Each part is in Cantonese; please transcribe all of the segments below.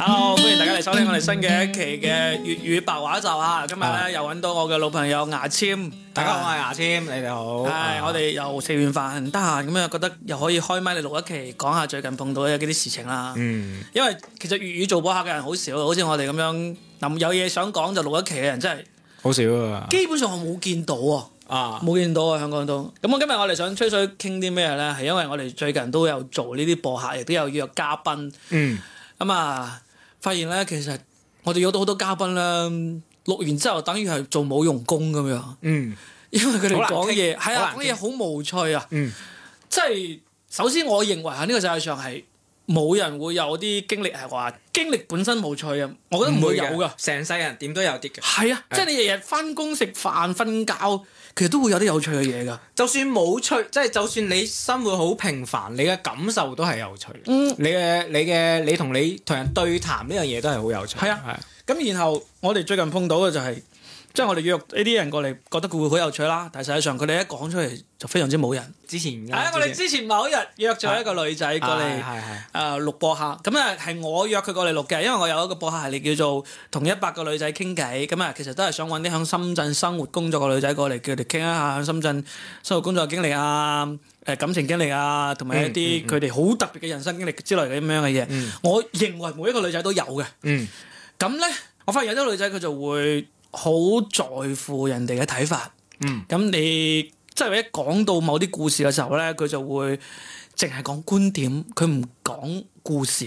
Hello，歡迎大家嚟收聽我哋新嘅一期嘅粵語白話集。吓，今日咧 Yeah. 又揾到我嘅老朋友牙籤，Yeah. 大家好，我係牙籤，你哋好，係 Yeah. Yeah.、哎、我哋又食完飯，得閒咁樣，覺得又可以開麥嚟錄一期，講下最近碰到嘅啲事情啦。嗯，mm. 因為其實粵語做播客嘅人好少，好似我哋咁樣，有嘢想講就錄一期嘅人真係好少啊。基本上我冇見到啊，冇 Yeah. 見到啊，香港都。咁我今日我哋想吹水傾啲咩咧？係因為我哋最近都有做呢啲播客，亦都有約嘉賓。嗯，咁啊。發現咧，其實我哋有到好多嘉賓啦。錄完之後等於係做冇用功咁樣。嗯，因為佢哋講嘢，係啊，講嘢好無趣啊。嗯，即係首先我認為喺呢個世界上係冇人會有啲經歷係話經歷本身無趣啊。我覺得唔會有噶，成世人點都有啲嘅。係啊，即係你日日翻工、食飯、瞓覺。其實都會有啲有趣嘅嘢㗎，就算冇趣，即係就算你生活好平凡，你嘅感受都係有趣。嗯，你，你嘅你嘅你同你同人對談呢樣嘢都係好有趣。係啊，係啊。咁然後我哋最近碰到嘅就係。即係我哋約呢啲人過嚟，覺得佢會好有趣啦。但係實際上佢哋一講出嚟，就非常之冇人。之前，係我哋之前某一日約咗一個女仔過嚟誒，錄播客。咁啊，係我約佢過嚟錄嘅，因為我有一個播客系列叫做同一百個女仔傾偈。咁啊，其實都係想揾啲喺深圳生活工作嘅女仔過嚟，佢哋傾一下喺深圳生活工作嘅經歷啊，誒，感情經歷啊，同埋一啲佢哋好特別嘅人生經歷之類嘅咁樣嘅嘢。我認為每一個女仔都有嘅。咁咧，我發現有啲女仔佢就會。好在乎人哋嘅睇法，咁、嗯、你即係一講到某啲故事嘅時候咧，佢就會淨係講觀點，佢唔講故事。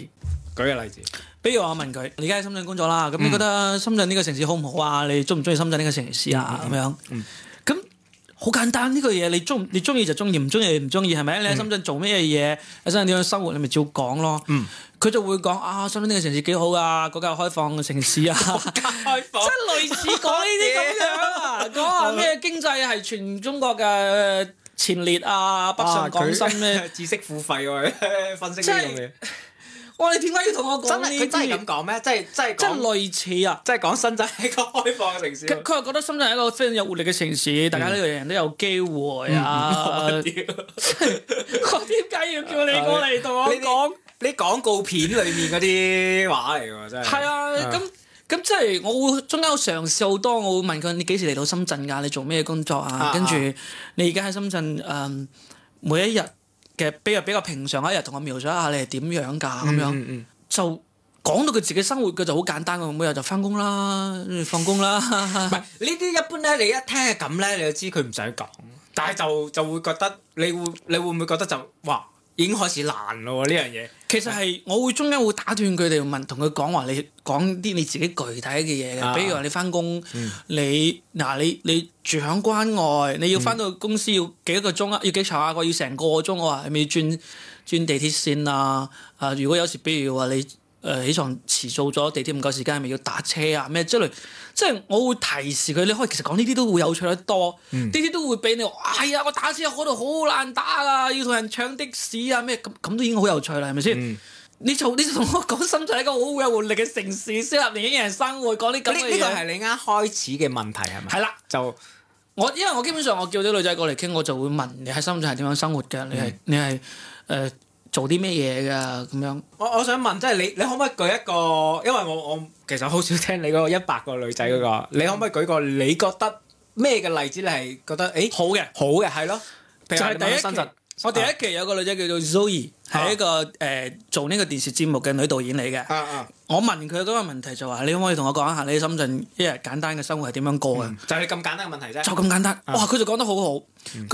舉個例子，比如我問佢：你而家喺深圳工作啦，咁你覺得深圳呢個城市好唔好啊？你中唔中意深圳呢個城市啊？咁樣、嗯。嗯嗯。好簡單呢個嘢，你中你中意就中意，唔中意唔中意，係咪？你喺深圳做咩嘢？喺深圳點樣生活，你咪照講咯。嗯。佢就會講啊，深圳呢個城市幾好㗎，個、嗰個開放嘅城市啊。 開放。 即係類似講呢啲咁樣啊，講下咩經濟係全中國嘅前列啊， 啊北上廣深咩知識付費 分析呢樣嘢。 哇你我你點解要同我講？真係佢真係咁講咩？真係真係真係類似啊！真係講深圳係一個開放嘅城市。佢又覺得深圳係一個非常有活力嘅城市，嗯、大家呢樣人都有機會啊！嗯、我點解 要叫你過嚟同我講？你廣告片裡面嗰啲話嚟㗎喎，真係。係啊，咁咁即係我會中間我嘗試好多，我會問佢你幾時嚟到深圳㗎、啊？你做咩工作啊？啊跟住你而家喺深圳誒、嗯、每一日。比較比較平常一日，同我描述一下你係點樣噶咁、嗯、樣，嗯、就講到佢自己生活，佢就好簡單喎。每日就翻工啦，放工啦。唔係呢啲一般咧，你一聽係咁咧，你就知佢唔想講。但係就就會覺得，你會你會唔會覺得就哇？已經開始難咯喎，呢樣嘢其實係、嗯、我會中間會打斷佢哋問，同佢講話你講啲你自己具體嘅嘢嘅，啊、比如話你返工、嗯，你嗱你你住響關外，你要返到公司要幾多個鐘啊、嗯？要幾長下我要成個鐘喎，我話係咪轉轉地鐵線啊？啊，如果有時，比如話你。誒、呃、起床遲早咗，地鐵唔夠時間，係咪要打車啊？咩之類，即係我會提示佢。你可以其實講呢啲都會有趣得多，呢啲、嗯、都會俾你。哎呀，我打車嗰度好難打啊，要同人搶的士啊，咩咁咁都已經好有趣啦，係咪先？你就你同我講深圳係個好有活力嘅城市，適合年輕人生活，講啲咁嘅嘢。呢呢個係你啱開始嘅問題係咪？係啦，了就我因為我基本上我叫啲女仔過嚟傾，我就會問你喺深圳係點樣生活嘅？你係、嗯、你係誒。做啲咩嘢噶咁樣？我我想問，即、就、係、是、你，你可唔可以舉一個？因為我我其實好少聽你嗰一百個女仔嗰、那個，嗯、你可唔可以舉個？你覺得咩嘅例子？你係覺得誒、欸、好嘅的，好嘅係咯？就係第一新期，我第一期有一個女仔叫做 Zoe，係、啊、一個誒、呃、做呢個電視節目嘅女導演嚟嘅、啊。啊啊！我問佢嗰個問題就話、是：你可唔可以同我講一下你喺深圳一日簡單嘅生活係點樣過嘅、嗯？就係、是、咁簡單嘅問題啫，就咁簡單。哇！佢就講得好好，佢、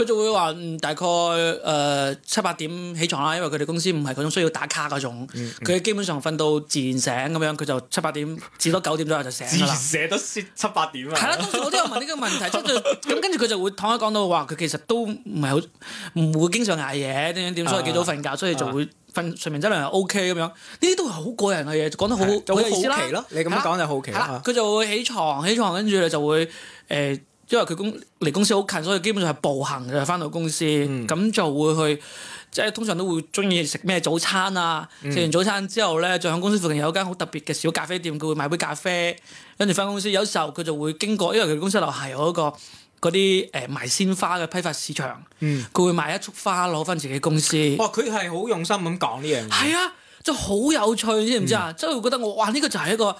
嗯、就會話、嗯、大概誒七八點起床啦，因為佢哋公司唔係嗰種需要打卡嗰種，佢、嗯嗯、基本上瞓到自然醒咁樣，佢就七八點至多九點左右就醒啦。自然醒都七八點啊！係啦，當時我都有問呢個問題，即係咁跟住佢就會躺喺講到話，佢其實都唔係好唔會經常捱夜點點點，所以幾早瞓覺，所以就會。嗯嗯嗯睡眠質量又 O K 咁樣、啊，呢啲都係好個人嘅嘢，講得好好奇咯，你咁講就好奇啦。佢就會起床，起床跟住咧就會誒、呃，因為佢公離公司好近，所以基本上係步行嘅翻、就是、到公司。咁、嗯、就會去，即係通常都會中意食咩早餐啊？食、嗯、完早餐之後咧，就喺公司附近有間好特別嘅小咖啡店，佢會買杯咖啡，跟住翻公司。有時候佢就會經過，因為佢公司樓下有一個，嗰啲誒賣鮮花嘅批發市場，佢、嗯、會買一束花攞翻自己公司。哇、哦！佢係好用心咁講呢樣嘢，係啊，真係好有趣，知唔知啊？真係、嗯、覺得我哇！呢、呢個就係一個、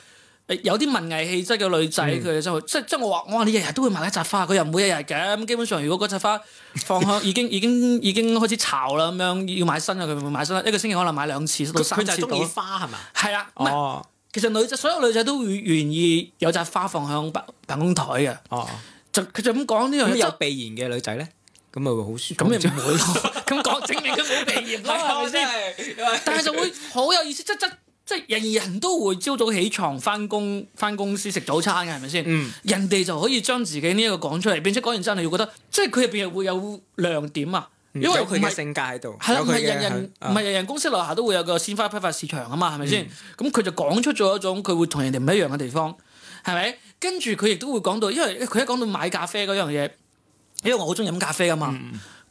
呃、有啲文藝氣質嘅女仔，佢真係即即我話我話你日日都會買一扎花，佢又唔會日日咁。基本上，如果嗰扎花放響已經 已經已經，已經開始炒啦，咁樣要買新嘅，佢會買新。一個星期可能買兩次到三次。佢就係中意花係嘛？係啊。哦。其實女仔所有女仔都會願意有扎花放響辦公台嘅。哦。佢就咁講呢樣嘢有鼻炎嘅女仔咧，咁咪會好舒服？咁又唔會咯？咁講證明佢冇鼻炎咯，係咪先？但係就會好有意思，即即即人人都會朝早起床，返工返公司食早餐嘅，係咪先？嗯，人哋就可以將自己呢個講出嚟，變咗講完之後，你要覺得即係佢入邊會有亮點啊，因為佢嘅性格喺度。係啦，係人人唔係人人公司樓下都會有個鮮花批發市場啊嘛，係咪先？咁佢就講出咗一種佢會同人哋唔一樣嘅地方，係咪？跟住佢亦都會講到，因為佢一講到買咖啡嗰樣嘢，因為我好中意飲咖啡噶嘛。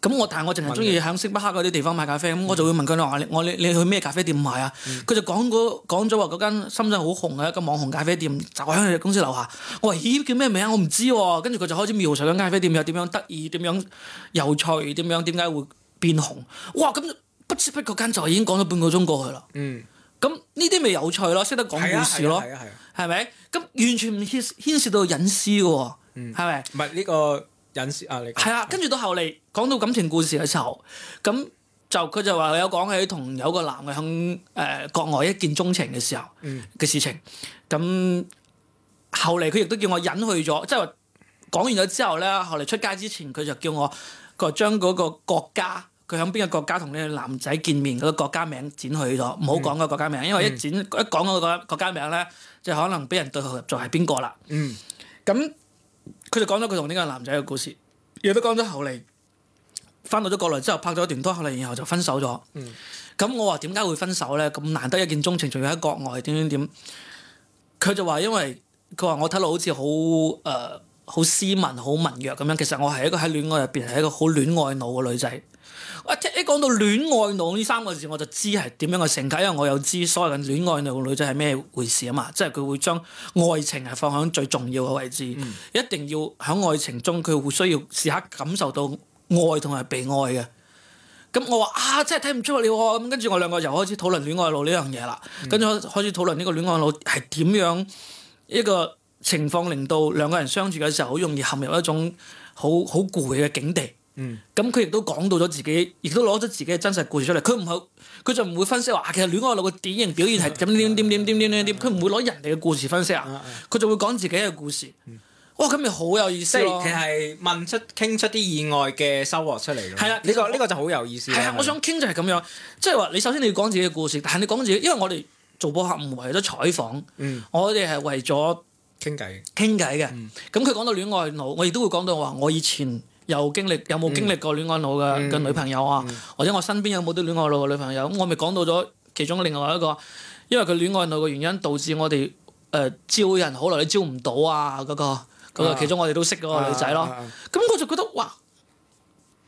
咁、嗯、我但係我淨係中意喺星巴克嗰啲地方買咖啡。咁、嗯、我就會問佢我你，你去咩咖啡店買啊？佢、嗯、就講嗰咗話嗰間深圳好紅嘅一個網紅咖啡店，就喺佢哋公司樓下。我話咦叫咩名？我唔知喎、啊。跟住佢就開始描述嗰間咖啡店又點樣得意，點樣有趣，點樣點解會變紅。哇！咁不知不覺間就已經講咗半個鐘過去啦。嗯。咁呢啲咪有趣咯，識得講故事咯。嗯。係咪？咁完全唔牽涉到隱私嘅喎、哦，係咪、嗯？唔係呢個隱私啊，你係啊。跟住到後嚟講到感情故事嘅時候，咁就佢就話有講起同有個男嘅響誒國外一見鍾情嘅時候嘅、嗯、事情。咁後嚟佢亦都叫我隱去咗，即係話講完咗之後咧，後嚟出街之前佢就叫我，佢話將嗰個國家，佢響邊個國家同呢個男仔見面嗰個國家名剪去咗，唔好講個國家名，因為一剪一講嗰個國家名咧。嗯嗯嗯即係可能俾人對號入座係邊個啦？嗯，咁佢就講咗佢同呢個男仔嘅故事，亦都講咗後嚟，翻到咗國內之後拍咗一段拖，後嚟然後就分手咗。嗯，咁我話點解會分手咧？咁難得一見鍾情，仲要喺國外點點點？佢就話因為佢話我睇落好似好誒好斯文、好文弱咁樣，其實我係一個喺戀愛入邊係一個好戀愛腦嘅女仔。我一講到戀愛腦呢三個字，我就知係點樣嘅性格，因為我又知所謂嘅戀愛腦女仔係咩回事啊嘛，即係佢會將愛情係放喺最重要嘅位置，嗯、一定要喺愛情中佢會需要時刻感受到愛同埋被愛嘅。咁我話啊，真係睇唔出了，咁跟住我兩個又開始討論戀愛腦呢樣嘢啦，嗯、跟住開開始討論呢個戀愛腦係點樣一個情況，令到兩個人相處嘅時候好容易陷入一種好好攰嘅境地。嗯，咁佢亦都講到咗自己，亦都攞咗自己嘅真實故事出嚟。佢唔好，佢就唔會分析話，其實戀愛腦嘅典型表現係咁點點點點點點點。佢唔會攞人哋嘅故事分析啊，佢就會講自己嘅故事。哇，咁咪好有意思，其實問出傾出啲意外嘅收穫出嚟咯。係啊，呢個呢個就好有意思。係啊，我想傾就係咁樣，即係話你首先你要講自己嘅故事，但係你講自己，因為我哋做播客唔係為咗採訪，我哋係為咗傾偈傾偈嘅。咁佢講到戀愛腦，我亦都會講到話我以前。又經歷有冇經歷過戀愛腦嘅嘅女朋友啊？或者我身邊有冇啲戀愛腦嘅女朋友？我咪講到咗其中另外一個，因為佢戀愛腦嘅原因導致我哋誒、呃、招人好耐都招唔到啊！嗰、那個嗰、那個其中我哋都識嗰個女仔咯。咁我就覺得哇，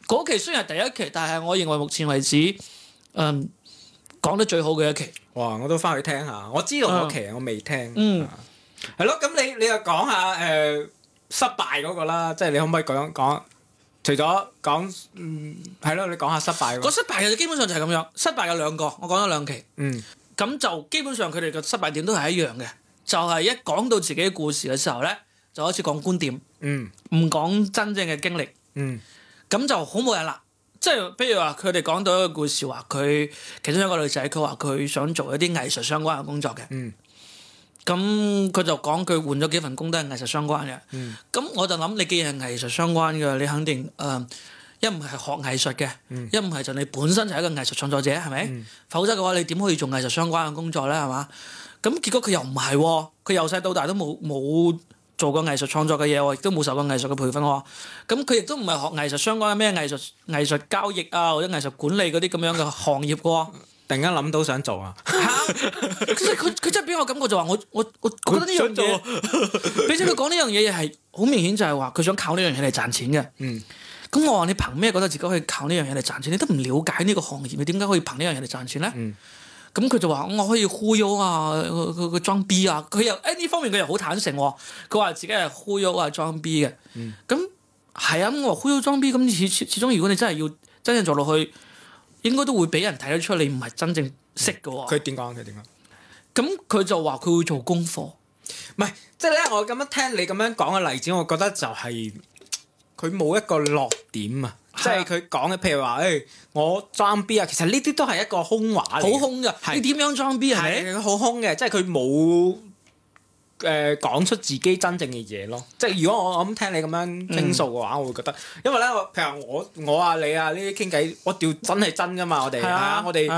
嗰期雖然係第一期，但係我認為目前為止誒講得最好嘅一期。哇！我都返去聽下，我知道嗰期我未聽。嗯，係、嗯、咯。咁、嗯嗯嗯、你你又講下誒、呃、失敗嗰個啦，即係你可唔可以講講？講嗯除咗講，嗯，係咯，你講下失敗個。個失敗嘅基本上就係咁樣，失敗有兩個，我講咗兩期。嗯，咁就基本上佢哋嘅失敗點都係一樣嘅，就係一講到自己故事嘅時候咧，就開始講觀點，嗯，唔講真正嘅經歷，嗯，咁就好冇癮啦。即係，譬如話佢哋講到一個故事話，佢其中一個女仔，佢話佢想做一啲藝術相關嘅工作嘅，嗯。咁佢就講佢換咗幾份工都係藝術相關嘅，咁我就諗，你既然係藝術相關嘅，你肯定誒一唔係學藝術嘅，一唔係就你本身就係一個藝術創作者係咪？否則嘅話你點可以做藝術相關嘅工作咧？係嘛？咁結果佢又唔係，佢由細到大都冇冇做過藝術創作嘅嘢，亦都冇受過藝術嘅培訓，咁佢亦都唔係學藝術相關嘅咩藝術藝術交易啊，或者藝術管理嗰啲咁樣嘅行業嘅。突然間諗到想做啊 ！佢佢佢真係俾我感覺就話我我我覺得呢樣想做，而且佢講呢樣嘢又係好明顯就係話佢想靠呢樣嘢嚟賺錢嘅。嗯，咁我話你憑咩覺得自己可以靠呢樣嘢嚟賺錢？你都唔了解呢個行業，你點解可以憑呢樣嘢嚟賺錢咧？咁佢、嗯、就話我可以忽悠啊，佢佢裝逼啊，佢又喺呢、哎、方面佢又好坦誠、啊。佢話自己係忽悠啊裝逼嘅。咁係、嗯、啊，咁我話忽悠裝逼，咁始始始終如果你真係要真正做落去。應該都會俾人睇得出你唔係真正識嘅喎。佢點講？佢點講？咁佢就話佢會做功課，唔係即係咧。即係、我咁樣聽你咁樣講嘅例子，我覺得就係佢冇一個落點啊！即係佢講嘅，譬如話誒、欸，我裝 B 啊，其實呢啲都係一個空話嚟。好空㗎，你點樣裝 B 係咪？好空嘅，即係佢冇。誒，講出自己真正嘅嘢咯，即係如果我咁聽你咁樣傾訴嘅話，嗯、我會覺得，因為咧，譬如我我啊你啊呢啲傾偈，我屌真係真噶嘛，我哋我哋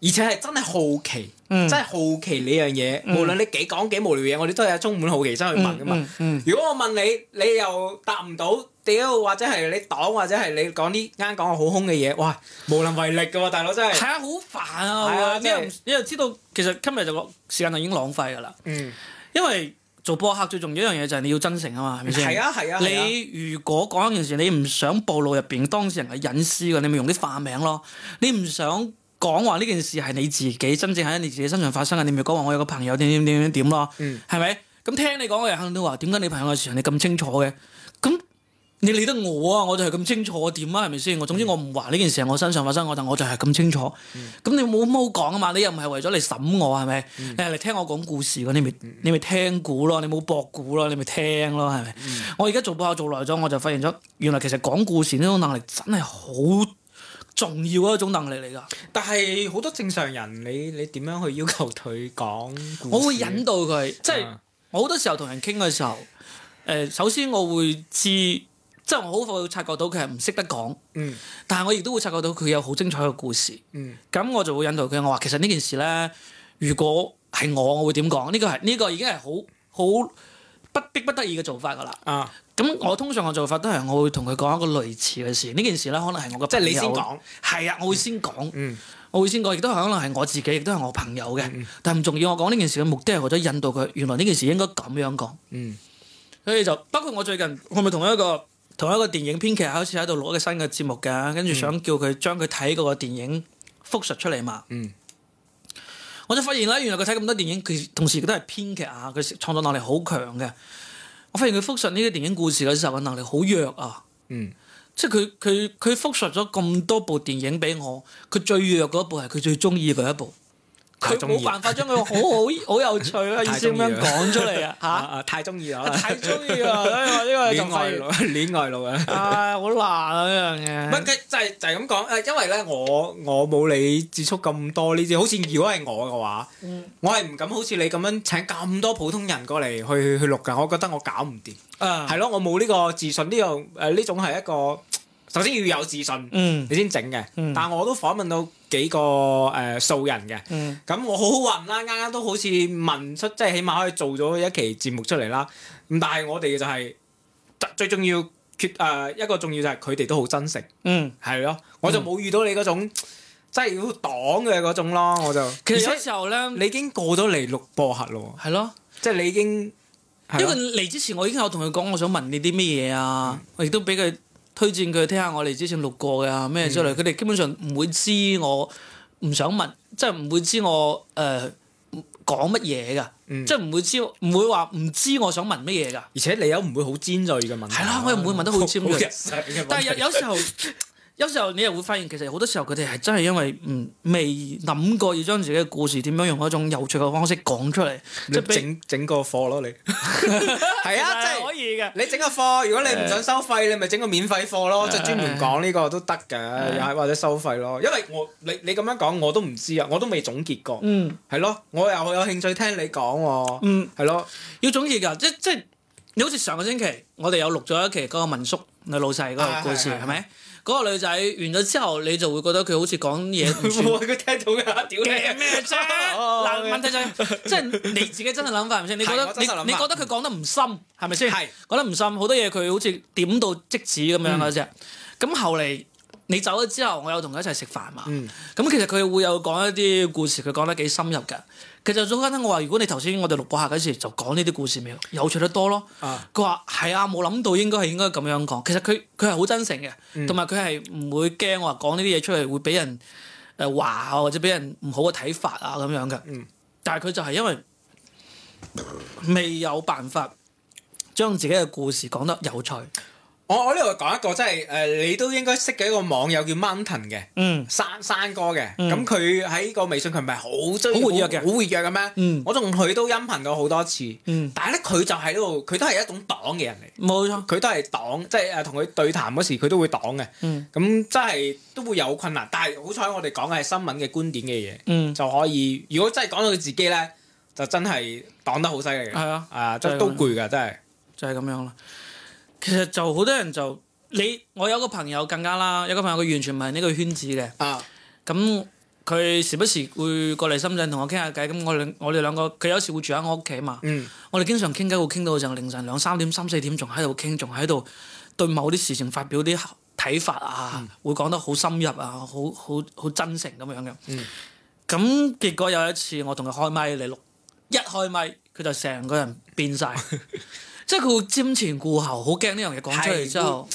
而且係真係好奇，嗯、真係好奇呢樣嘢，嗯、無論你幾講幾無聊嘢，我哋都係充滿好奇心去問噶嘛。嗯嗯啊、如果我問你，你又答唔到，屌或者係你擋或者係你講啲啱講好空嘅嘢，哇，無能為力噶喎，大佬，真係係啊，好煩啊，你又你又知道，其實今日就個時間就已經浪費噶啦，嗯。因為做播客最重要一樣嘢就係你要真誠啊嘛，係咪先？係啊係啊係啊。你如果講一件事，你唔想暴露入邊當事人嘅隱私嘅，你咪用啲化名咯。你唔想講話呢件事係你自己真正喺你自己身上發生嘅，你咪講話我有個朋友點點點點點咯。是是嗯。係咪？咁聽你講，嘅人肯定話，點解你朋友嘅時候，你咁清楚嘅？咁。你理得我啊！我就係咁清楚點啊，係咪先？我、嗯、總之我唔話呢件事係我身上發生，我但我就係咁清楚。咁、嗯、你冇冇講啊嘛？你又唔係為咗嚟審我係咪、嗯？你係嚟、嗯、聽我講故事嘅，你咪你咪聽古咯，你冇駁古咯，你咪聽咯，係咪？嗯、我而家做播客做耐咗，我就發現咗，原來其實講故事呢種能力真係好重要一種能力嚟噶。但係好多正常人，你你點樣去要求佢講？我會引導佢，即係、啊、我好多時候同人傾嘅時候，誒、呃，首先我會知。即係我好快會察覺到佢係唔識得講，嗯、但係我亦都會察覺到佢有好精彩嘅故事。咁、嗯、我就會引導佢，我話其實呢件事咧，如果係我，我會點講？呢、呢個係呢、呢個已經係好好不逼不得已嘅做法㗎啦。咁、啊、我通常嘅做法都係，我會同佢講一個類似嘅事。呢件事咧，可能係我嘅朋友。即係你先講。係啊，我會先講，嗯、我會先講，亦都可能係我自己，亦都係我朋友嘅。嗯嗯，但唔重要。我講呢件事嘅目的係為咗引導佢，原來呢件事應該咁樣講。嗯、所以就包括我最近我咪同一個，同一個電影編劇，好似喺度攞一個新嘅節目噶，跟住想叫佢將佢睇過嘅電影復述出嚟嘛。嗯，我就發現啦，原來佢睇咁多電影，佢同時佢都係編劇啊，佢創作能力好強嘅。我發現佢復述呢啲電影故事嘅時候，嘅能力好弱啊。嗯，即係佢佢佢復述咗咁多部電影俾我，佢最弱嗰部係佢最中意嘅一部。佢冇辦法將佢好好好有趣咯，意思咁樣講出嚟啊嚇！太中意啦，太中意啦！呢個呢個係仲廢，戀愛錄啊！ 唉，好難咁、啊就係就係、樣嘢。唔係，即係就係咁講誒，因為咧我我冇你接觸咁多呢啲，好似如果係我嘅話，嗯、我係唔敢好似你咁樣請咁多普通人過嚟去去錄㗎，我覺得我搞唔掂。誒，係咯，我冇呢個自信，呢樣誒呢種係一個。首先要有自信，嗯、你先整嘅。嗯、但我都訪問到幾個誒、呃、素人嘅。咁、嗯、我好好運啦，啱啱都好似問出，即係起碼可以做咗一期節目出嚟啦。咁但係我哋就係、是、最重要決誒、呃、一個重要就係佢哋都好真誠。嗯，係咯，我就冇遇到你嗰種、嗯、即係要擋嘅嗰種咯。我就其實有時候咧，你已經過咗嚟錄播客咯。係咯的，即係你已經因為嚟之前我已經有同佢講，我想問你啲咩嘢啊，嗯、我亦都俾佢。推薦佢聽下我哋之前錄過嘅咩之類，佢哋基本上唔會知我唔想問，即係唔會知我誒講乜嘢㗎，呃嗯、即係唔會知，唔會話唔知我想問乜嘢㗎。而且你又唔會好尖鋭嘅問題，係啦，我又唔會問得好尖鋭，很很但係有有時候。 有時候你又會發現，其實好多時候佢哋係真係因為唔未諗過，要將自己嘅故事點樣用一種有趣嘅方式講出嚟，整整個課咯。你係啊，即係可以嘅。你整個課，如果你唔想收費，你咪整個免費課咯，即係專門講呢個都得嘅，又或者收費咯。因為我你你咁樣講，我都唔知啊，我都未總結過。嗯，係咯，我又有興趣聽你講喎。嗯，係咯，要總結㗎，即即係你好似上個星期我哋有錄咗一期嗰個民宿嘅老細嗰個故事，係咪？嗰個女仔完咗之後，你就會覺得佢好似講嘢唔完整。佢聽到嘅，屌你咩啫？嗱，問題就係，即係你自己真係諗法係咪先？你覺得你你覺得佢講得唔深，係咪先？係，講得唔深，好多嘢佢好似點到即止咁樣嘅啫。咁後嚟你走咗之後，我有同佢一齊食飯嘛？咁其實佢會有講一啲故事，佢講得幾深入嘅。其實早間咧，我話如果你頭先我哋錄播客嗰時就講呢啲故事咪有，有趣得多咯。佢話係啊，冇諗到應該係應該咁樣講。其實佢佢係好真誠嘅，同埋佢係唔會驚話講呢啲嘢出嚟會俾人誒話啊，或者俾人唔好嘅睇法啊咁樣嘅。嗯，但係佢就係因為未有辦法將自己嘅故事講得有趣。我我呢度講一個即係誒，你都應該識嘅一個網友叫 Mountain 嘅，山山哥嘅。咁佢喺個微信群咪好好活躍嘅，好活躍嘅咩？我同佢都音頻過好多次。但係咧，佢就喺度，佢都係一種擋嘅人嚟。冇錯，佢都係擋，即係誒同佢對談嗰時，佢都會擋嘅。咁真係都會有困難，但係好彩我哋講嘅係新聞嘅觀點嘅嘢，就可以。如果真係講到佢自己咧，就真係擋得好犀利嘅。係啊，啊，都攰㗎真係，就係咁樣啦。其實就好多人就你，我有個朋友更加啦，有個朋友佢完全唔係呢個圈子嘅。啊、uh. 嗯！咁佢時不時會過嚟深圳同我傾下偈，咁我兩我哋兩個，佢有時會住喺我屋企嘛。Mm. 我哋經常傾偈，會傾到成凌晨兩三點、三四點，仲喺度傾，仲喺度對某啲事情發表啲睇法啊，mm. 會講得好深入啊，好好好真誠咁樣嘅。Mm. 嗯。咁、嗯、結果有一次，我同佢開咪嚟錄，一開咪佢就成個人變晒。 即係佢會瞻前顧後，好驚呢樣嘢講出嚟之後，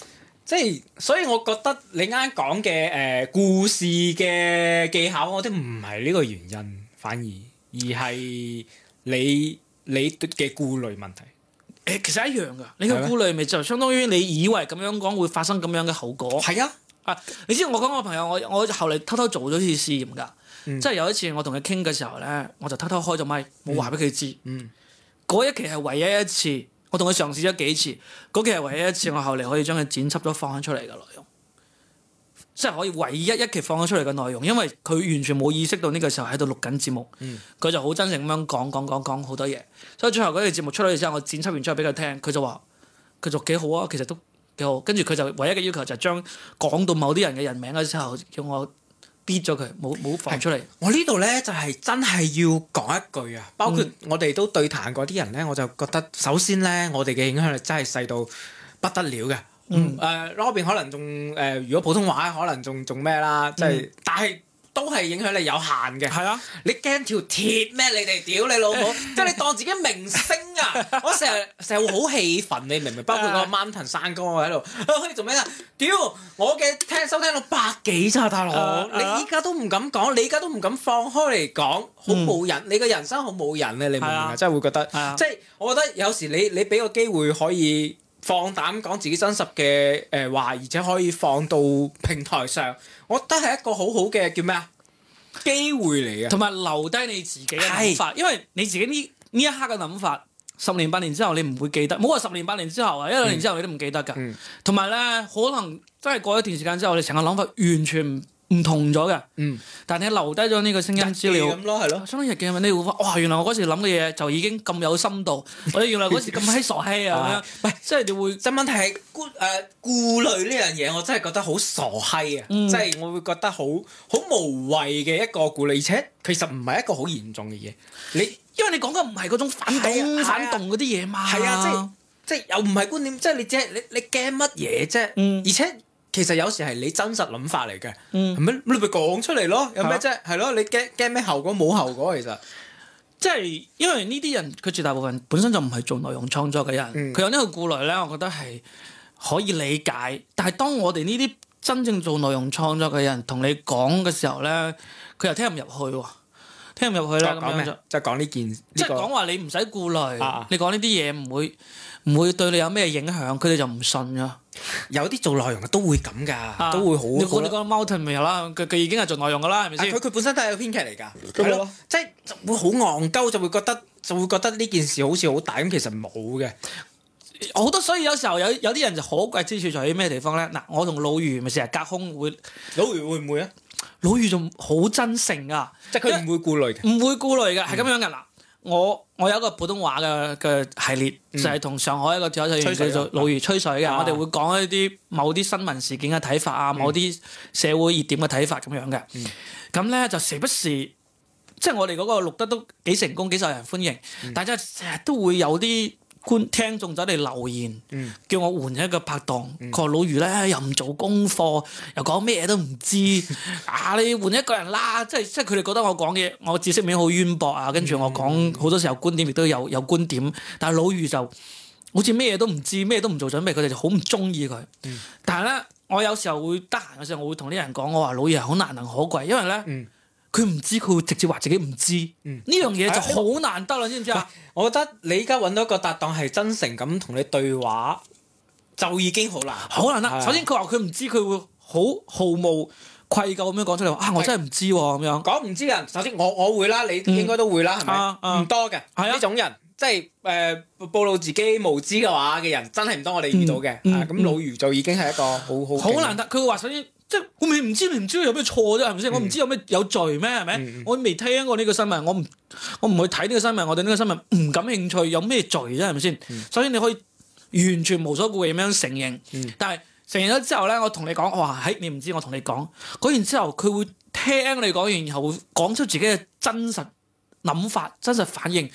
即係所以，我覺得你啱講嘅誒故事嘅技巧，我覺得唔係呢個原因，反而而係你你嘅顧慮問題。誒、欸，其實一樣噶，你嘅顧慮咪就相當於你以為咁樣講會發生咁樣嘅後果。係啊，啊，你知道我講我朋友，我我後嚟偷偷做咗次試驗㗎，嗯、即係有一次我同佢傾嘅時候咧，我就偷偷開咗咪，冇話俾佢知。嗯，嗰一期係唯一一次。我同佢嘗試咗幾次，嗰期係唯一一次我後嚟可以將佢剪輯咗放返出嚟嘅內容，即係可以唯一一期放咗出嚟嘅內容，因為佢完全冇意識到呢個時候喺度錄緊節目，佢、嗯、就好真誠咁樣講講講講好多嘢，所以最後嗰期節目出咗之後，我剪輯完之後俾佢聽，佢就話：佢就幾好啊，其實都幾好。跟住佢就唯一嘅要求就係將講到某啲人嘅人名嘅時候叫我逼咗佢，冇冇放出嚟。我呢度咧就係、是、真係要講一句啊，包括我哋都對談過啲人咧，我就覺得首先咧，我哋嘅影響力真係細到不得了嘅。嗯，誒、嗯呃、Robin 可能仲誒、呃，如果普通話可能仲仲咩啦，即、就、係、是，嗯、但係。都係影響你有限嘅。係啊，你驚條鐵咩？你哋屌你老母，即係 你當自己明星啊！ 我成日成日會好氣憤，你明唔明？包括個 Mountain 山哥我喺度，可 以、哎、做咩啊？屌，我嘅聽收聽到百幾咋大佬、啊，你依家都唔敢講，你依家都唔敢放開嚟講，好冇人、嗯、人，人，你個人生好冇人啊！你明唔明啊？即係會覺得，即係、啊、我覺得有時你你俾個機會可以。放膽講自己真實嘅誒話，而且可以放到平台上，我覺得係一個好好嘅叫咩啊機會嚟，同埋留低你自己嘅諗法，是因為你自己呢呢一刻嘅諗法，十年八年之後你唔會記得，冇話十年八年之後啊，一兩、嗯、年之後你都唔記得㗎。同埋咧，可能真係過一段時間之後，你成個諗法完全。唔同咗嘅，但係你留低咗呢個聲音資料，咁咯，係咯，相當於嘅呢會哇，原來我嗰時諗嘅嘢就已經咁有深度，我哋原來嗰時咁閪傻閪啊，唔係，即係你會，但係問題係顧誒顧慮呢樣嘢，我真係覺得好傻閪啊，即係我會覺得好好無謂嘅一個顧慮，而且其實唔係一個好嚴重嘅嘢，你因為你講嘅唔係嗰種反動反動嗰啲嘢嘛，係啊，即係即係又唔係觀點，即係你即係你你驚乜嘢啫，嗯，而且。其實有時係你真實諗法嚟嘅，係咪、嗯？咁你咪講出嚟咯，啊、有咩啫？係咯、啊，你驚驚咩後果？冇後果其實，即係 因為呢啲人佢絕大部分本身就唔係做內容創作嘅人，佢、嗯、有個顧慮呢個顧慮咧，我覺得係可以理解。但係當我哋呢啲真正做內容創作嘅人同你講嘅時候咧，佢又聽唔入去，聽唔入去啦。咁即係講呢件，即係講話你唔使顧慮，啊、你講呢啲嘢唔會唔會對你有咩影響，佢哋就唔信啊。有啲做內容嘅都會咁噶，啊、都會好。好，你講得 Mountain 未？有啦，佢佢已經係做內容噶啦，係咪？佢佢本身都係個編劇嚟噶，係咯，即係會好戇鳩，就會覺得就會覺得呢件事好似好大，咁其實冇嘅。好多所以有時候有有啲人就可貴之處在於咩地方咧？嗱、啊，我同老余咪成日隔空會，老余會唔會啊？老余仲好真誠噶，即係佢唔會顧慮，唔會顧慮嘅，係咁、嗯、樣嘅嗱。我我有一個普通話嘅嘅系列，嗯、就係同上海一個脫口秀演員叫做老魚吹水嘅，嗯、我哋會講一啲某啲新聞事件嘅睇法啊，嗯、某啲社會熱點嘅睇法咁樣嘅。咁咧、嗯、就時不時，即、就、係、是、我哋嗰個錄得都幾成功，幾受人歡迎，大家成日都會有啲。觀聽眾仔嚟留言，叫我換一個拍檔。佢話老余咧又唔做功課，又講咩嘢都唔知。 啊，你換一個人啦！即係即係佢哋覺得我講嘢，我知識面好淵博啊。跟住我講好多時候觀點亦都有有觀點，但係老余就好似咩嘢都唔知，咩都唔做準備。佢哋就好唔中意佢。嗯、但係咧，我有時候會得閒嘅時候，我會同啲人講，我話老余係好難能可貴，因為咧。嗯佢唔知，佢會直接話自己唔知，呢樣嘢就好難得啦，知唔知啊？我覺得你依家揾到一個搭檔係真誠咁同你對話，就已經好難，好難得。首先佢話佢唔知，佢會好毫無愧疚咁樣講出嚟話啊，我真係唔知咁樣。講唔知嘅人，首先我我會啦，你應該都會啦，係咪？唔多嘅呢種人，即係誒暴露自己無知嘅話嘅人，真係唔多。我哋遇到嘅，咁老余就已經係一個好好好難得。佢會話首先。即我未唔知，你唔知有咩錯啫，係咪先？我唔知有咩有罪咩，係咪？我未聽過呢個新聞，我唔我唔去睇呢個新聞，我對呢個新聞唔感興趣，有咩罪啫？係咪、嗯、先？所以你可以完全無所顧忌咁樣承認，嗯、但係承認咗之後咧，我同你講，哇，嘿，你唔知，我同你講，講完之後佢會聽你講完，然後講出自己嘅真實諗法、真實反應。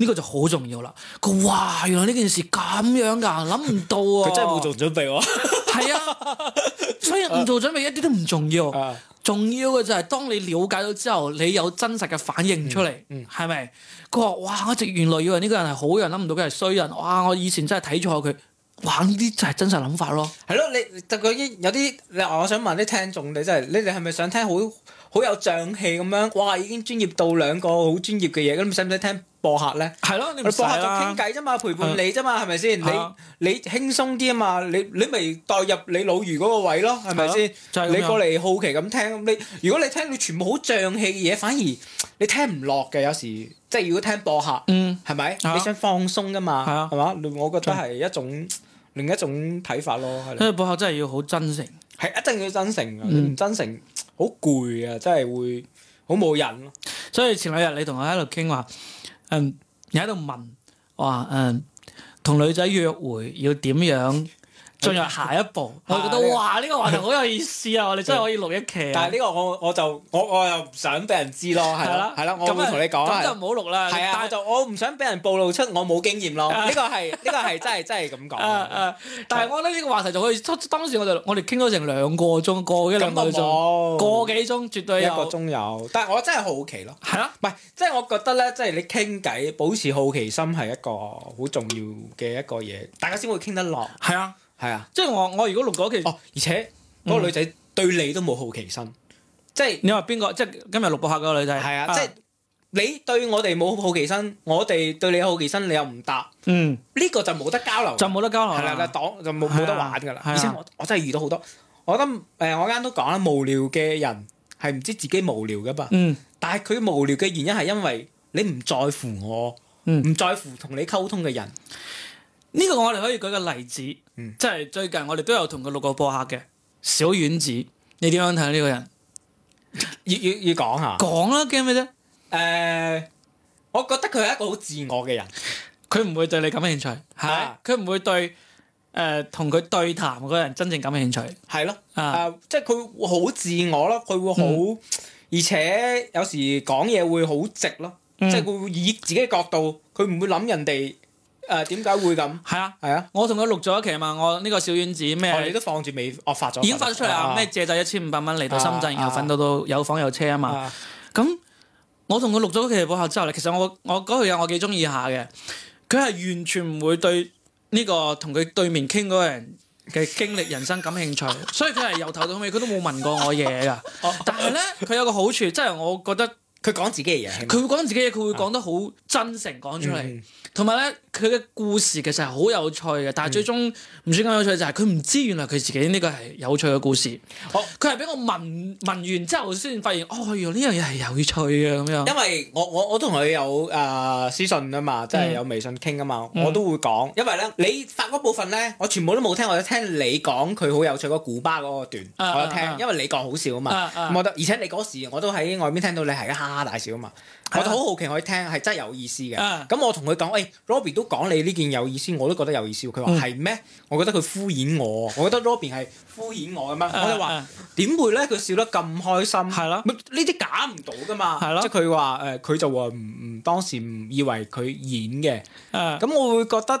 呢個就好重要啦。佢話：原來呢件事咁樣㗎，諗唔到啊！佢 真係冇做準備喎、啊。係 啊，所以唔做準備一啲都唔重要。啊、重要嘅就係、是、當你了解到之後，你有真實嘅反應出嚟，係咪、嗯？佢、嗯、話：哇！我直原來以為呢個人係好人，諗唔到佢係衰人。哇！我以前真係睇錯佢。哇！呢啲就係真實諗法咯。係咯，你就佢啲有啲。我我想問啲聽眾，你真係你哋係咪想聽好好有脹氣咁樣？哇！已經專業到兩個好專業嘅嘢，咁使唔使聽？播客咧，係咯，你播客就傾偈啫嘛，陪伴你啫嘛，係咪先？你你輕鬆啲啊嘛，你你咪代入你老余嗰個位咯，係咪先？就係，你過嚟好奇咁聽你，如果你聽你全部好脹氣嘅嘢，反而你聽唔落嘅。有時即係如果聽播客，嗯，係咪？你想放鬆噶嘛，係啊，係嘛？我覺得係一種另一種睇法咯。所以播客真係要好真誠，係一定要真誠。唔真誠好攰啊，真係會好冇癮咯。所以前兩日你同我喺度傾話。嗯，你喺度問，話嗯，同女仔約會要點樣？進入下一步，我覺得哇，呢個話題好有意思啊！我哋真係可以錄一期啊！但係呢個我我就我我又唔想俾人知咯，係咯，係咯，我唔同你講，咁就唔好錄啦。係啊，但係就我唔想俾人暴露出我冇經驗咯。呢個係呢個係真係真係咁講。但係我覺得呢個話題就可以，當時我哋我哋傾咗成兩個鐘，個幾兩個鐘，個幾鐘絕對一個鐘有。但係我真係好奇咯，係咯，唔係即係我覺得咧，即係你傾偈保持好奇心係一個好重要嘅一個嘢，大家先會傾得落。係啊。係啊，即係我我如果六哥其實哦，而且嗰個女仔對你都冇好奇心，即係你話邊個即係今日錄播客嗰個女仔係啊，即係你對我哋冇好奇心，我哋對你有好奇心，你又唔答，嗯，呢個就冇得交流，就冇得交流係啦，檔就冇冇得玩噶啦。而且我我真係遇到好多，我覺得誒我啱都講啦，無聊嘅人係唔知自己無聊噶嘛，嗯，但係佢無聊嘅原因係因為你唔在乎我，唔在乎同你溝通嘅人，呢個我哋可以舉個例子。即係最近我哋都有同佢錄個播客嘅小丸子，你點樣睇呢，啊這個人？要要要講下，講啦驚咩啫？誒、呃，我覺得佢係一個好自我嘅人，佢唔會對你感興趣吓，佢唔、啊、會對誒同佢對談嗰個人真正感興趣。係咯的，誒、啊啊，即係佢會好自我咯，佢會好，嗯、而且有時講嘢會好直咯，嗯、即係佢會以自己嘅角度，佢唔會諗人哋。誒點解會咁？係啊係啊！啊我同佢錄咗一期啊嘛，我呢個小丸子咩？我哋、哦、都放住未？我發咗，已經發咗出嚟啊！咩借咗一千五百蚊嚟到深圳，啊、然後奮到到有房有車啊嘛！咁、啊、我同佢錄咗嗰期播客之後咧，其實我我嗰樣、那個、我幾鍾意下嘅，佢係完全唔會對呢、這個同佢對面傾嗰個人嘅經歷人生感興趣， 所以佢係由頭到尾佢都冇問過我嘢㗎。啊啊、但係咧，佢有個好處，即係我覺得。佢講自己嘅嘢，佢會講自己嘅，佢會講得好真誠、啊、講出嚟。同埋咧，佢嘅故事其實係好有趣嘅，但係最終唔算咁有趣就係佢唔知原來佢自己呢個係有趣嘅故事。好、哦，佢係俾我問問完之後先發現，哦，原來呢樣嘢係有趣嘅咁樣。因為我我我同佢有誒私信啊嘛，即係有微信傾啊嘛，我都會講。因為咧你發嗰部分咧，我全部都冇聽，我要聽你講佢好有趣嗰古巴嗰個段，啊啊啊啊我要聽，因為你講好笑啊嘛。我覺得，而且你嗰時我都喺外面聽到你係大笑啊嘛！我就好好奇，我聽係真係有意思嘅。咁我同佢講，誒，Robin 都講你呢件有意思，我都覺得有意思。佢話係咩？我覺得佢敷衍我，我覺得 Robin 係敷衍我咁樣。我就話點會咧？佢笑得咁開心，係咯？呢啲假唔到噶嘛，係咯？即係佢話誒，佢就話唔唔，當時唔以為佢演嘅。咁我會覺得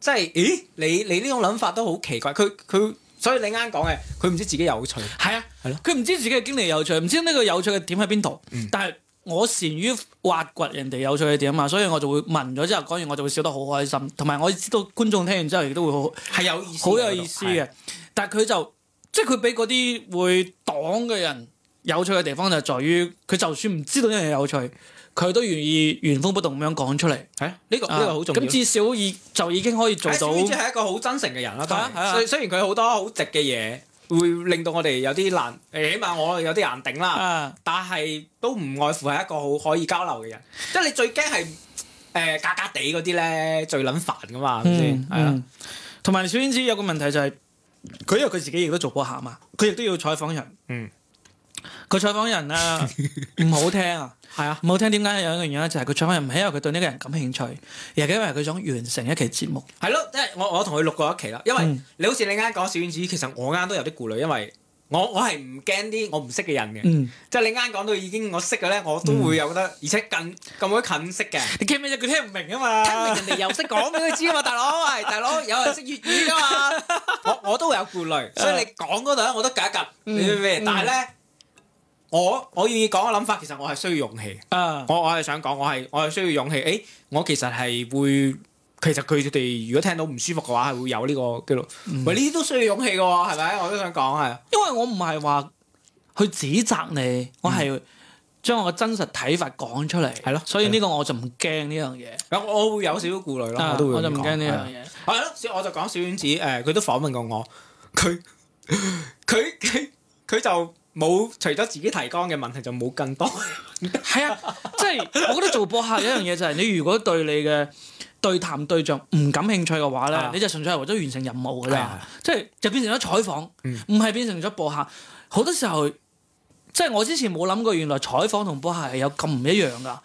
即係，咦？你你呢種諗法都好奇怪。佢佢，所以你啱講嘅，佢唔知自己有趣，係啊，係咯。佢唔知自己嘅經歷有趣，唔知呢個有趣嘅點喺邊度。但係。我善於挖掘人哋有趣嘅點啊嘛，所以我就會問咗之後講完，我就會笑得好開心。同埋我知道觀眾聽完之後亦都會好係有意思，好有意思嘅。思裡但係佢就，的就即係佢俾嗰啲會擋嘅人有趣嘅地方，就係在於佢就算唔知道一樣嘢有趣，佢都願意原封不動咁樣講出嚟。係呢、呢個呢、呢個好重要。咁、嗯、至少已就已經可以做到。佢好似係一個好真誠嘅人咯。當然，雖然佢好多好直嘅嘢。會令到我哋有啲難，誒起碼我有啲難頂啦。啊、但係都唔外乎係一個好可以交流嘅人，即係你最驚係誒家家地嗰啲咧，最撚煩㗎嘛，係咪先？係啦。同埋、嗯、小天師有個問題就係、是，佢因為佢自己亦都做過客啊嘛，佢亦都要採訪人。嗯，佢採訪人啊，唔 好聽啊！係啊，冇好聽，點解有一個原因就係佢唱翻嚟唔係因為佢對呢個人感興趣，而係因為佢想完成一期節目。係咯，即係我我同佢錄過一期啦。因為、嗯、你好似你啱講小丸子，其實我啱都有啲顧慮，因為我我係唔驚啲我唔識嘅人嘅，即係、嗯、你啱講到已經我識嘅咧，我都會有覺得，而且更咁好近，近，近，近識嘅、嗯。你記唔記得佢聽唔明啊嘛？聽唔明人哋又識講俾佢知啊嘛，大佬係 大佬，有人識粵語啊嘛。 我我都會有顧慮， 所以你講嗰度咧，我都夾一夾，你、嗯、但係咧。我我願意講嘅諗法，其實我係需要勇氣。啊、uh，我我係想講，我係我係需要勇氣。誒、欸，我其實係會，其實佢哋如果聽到唔舒服嘅話，係會有呢個記錄。Mm. 喂，呢啲都需要勇氣嘅，係咪？我都想講係，因為我唔係話去指責你，我係將、mm. 我嘅真實睇法講出嚟，係咯、mm.。所以呢個我就唔驚呢樣嘢。咁我會有少少顧慮咯，uh, 我都會，我就唔驚呢樣嘢。係咯，了 我就講小丸子。誒、呃，佢都訪問過我，佢佢佢就。 冇除咗自己提綱嘅問題就冇更多，係 啊，即、就、係、是、我覺得做播客有一樣嘢就係你如果對你嘅對談對象唔感興趣嘅話咧，是啊、你就純粹係為咗完成任務噶啦，即係是、啊、就，就變成咗採訪，唔係、嗯、變成咗播客。好多時候即係、就是、我之前冇諗過，原來採訪同播客係有咁唔一樣噶。